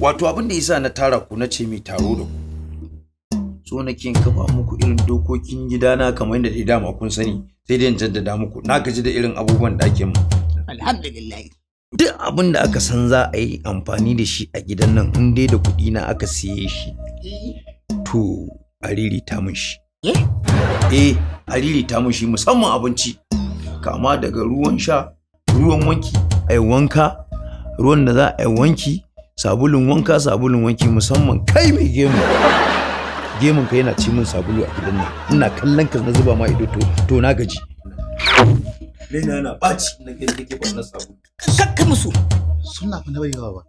Wato abin da yasa na tara ku na ce mai taro da ku. So nake kafa muku irin dokokin gidana kamar yadda dai dama kun sani sai dai in jaddada muku na gaji da irin abubuwan da ake mu. Alhamdulillah. duk abin da aka san za a yi amfani da shi a gidan nan in dai da kuɗi na aka siye shi to a ririta mun shi eh a ririta mun shi musamman abinci kama daga ruwan sha ruwan wanki a yi wanka ruwan da za a yi wanki sabulun wanka sabulun wanki musamman kai mai gemu gemun ka yana ci min sabulu a gidan nan ina kallon ka na zuba ma ido to na gaji raina yana ɓaci na gani na yawa ba.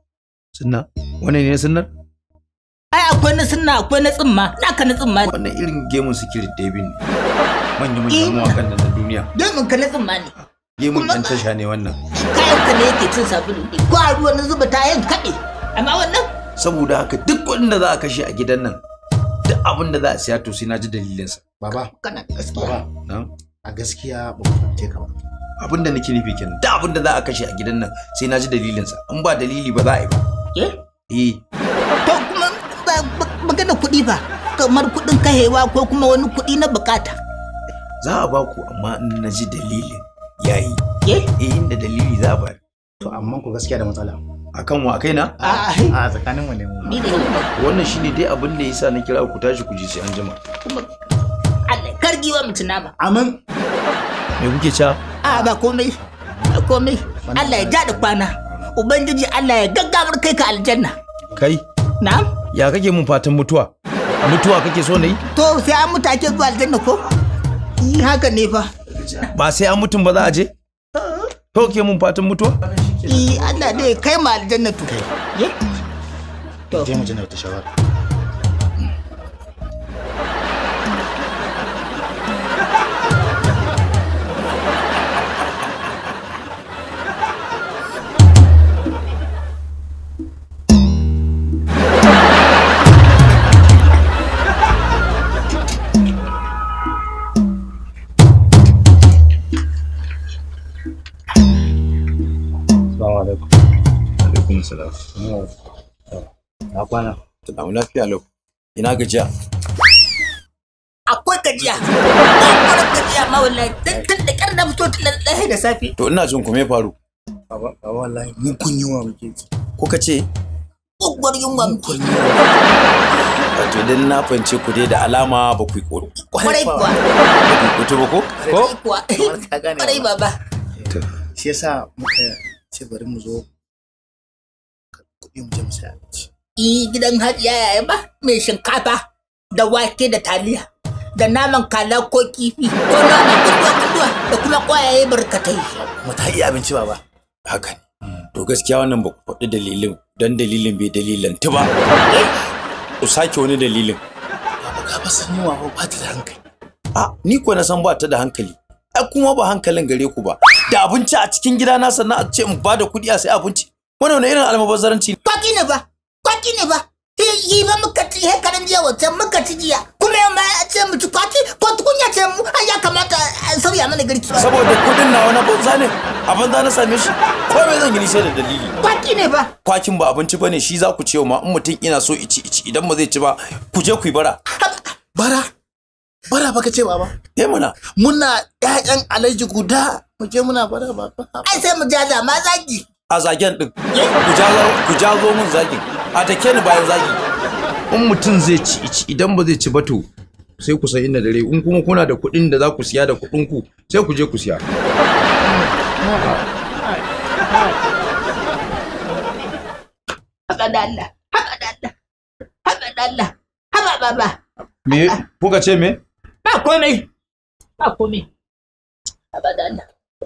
Sunna ne Ai akwai na sunna akwai na irin gemun David ne. manya eh. nan na duniya. ka tasha ne wannan. Kayan ka ne yake cin sabulu Ko a ruwa na zuba tayan kaɗe. Saboda haka duk wanda za a kashe a gidan nan duk abin da za a siya to sai na ji dalilinsa. Baba. a gaskiya ba ku fahimce ka ba abin da nake nufi kenan da abin da za a kashe a gidan nan sai na ji dalilinsa in ba dalili ba za a yi ba ke eh? eh to kuma magana kuɗi ba kamar kuɗin kahewa ko kuma wani kuɗi na bukata za a ba ku amma in na ji dalilin yayi ke eh, eh inda dalili za a ba to amma ku gaskiya da matsala akan wa kai na a tsakanin mu ne mu wannan shine dai abin da yasa na kira ku tashi ku ji sai an jima kuma kar giwa mutu nama amin me kuke ca a ba komai komai Allah ya jada kwana ubangiji Allah ya gaggawar kai ka aljanna kai na'am ya kake mun fatan mutuwa mutuwa kake so nayi to sai an mutu ake zuwa aljanna ko haka ne fa ba sai an mutum ba za a je to ke mun fatan mutuwa Allah ne kai ma aljanna to je mu jinna ta shawara Alaikun salam. Na kwana. Salamu lafiya lau. Ina gajiya. Akwai gajiya. Akwai gajiya ma wallahi. Tun da ƙar na fito tun lallahi da safe. To ina jin ku me faru? Baba wallahi mun kun yunwa muke Kuka ce? Ƙwaƙwar yunwa muke Wato dan na fahimce ku dai da alama ba ku yi Kwarai kuwa. Ba ku ba ko? Kwarai baba. Shi yasa muka ce bari mu zo yin mu je I gidan har yaya ba mai shinkafa da wake da taliya da naman kala ko kifi ko naman kaduwa da kuma ƙwayaye barkatai. Mu ta iya abinci ba ba. Haka ne. Hmm. To gaskiya wannan ba ku faɗi dalilin don dalilin bai dalilanti ba. Eh, ku sake wani dalilin. Ba ka ba san yunwa ba ba ta da hankali. A ni ko na san ba ta da hankali. Ai kuma ba hankalin gare ku ba. Da abinci a cikin gidana sannan a ce in ba da kuɗi a sai abinci. Wani wani irin almubazzaranci ne? Kwaki ne ba, kwaki ne ba. Yi ba muka ci he karin jiya wata muka ci jiya. Kuma yau ma ya ce mu ci kwaki ko tukunya ce mu an ya kamata a sauya mana girki. Saboda kudin na wani banza ne a banza na same shi. Komai zan yi nishe da dalili. Kwaki ne ba. Kwakin ba abinci ba ne shi za ku ce ma in mutum ina so ici ici idan ba zai ci ba ku je ku yi bara. Bara? Bara ba ka ce ba ba? Eh muna. Muna ƴaƴan alaji guda mu je muna bara ba. Ai sai mu ja da ma zagi. a zagen din ku jazo mun zagi a take ni bayan zagi in mutum zai ci ici idan ba zai ci ba to sai ku san inda dare in kuma kuna da kuɗin da za ku siya da kuɗin ku sai ku je ku siya me kuka ce me ba komai ba komai haka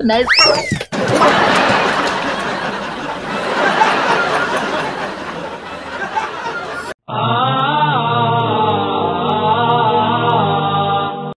na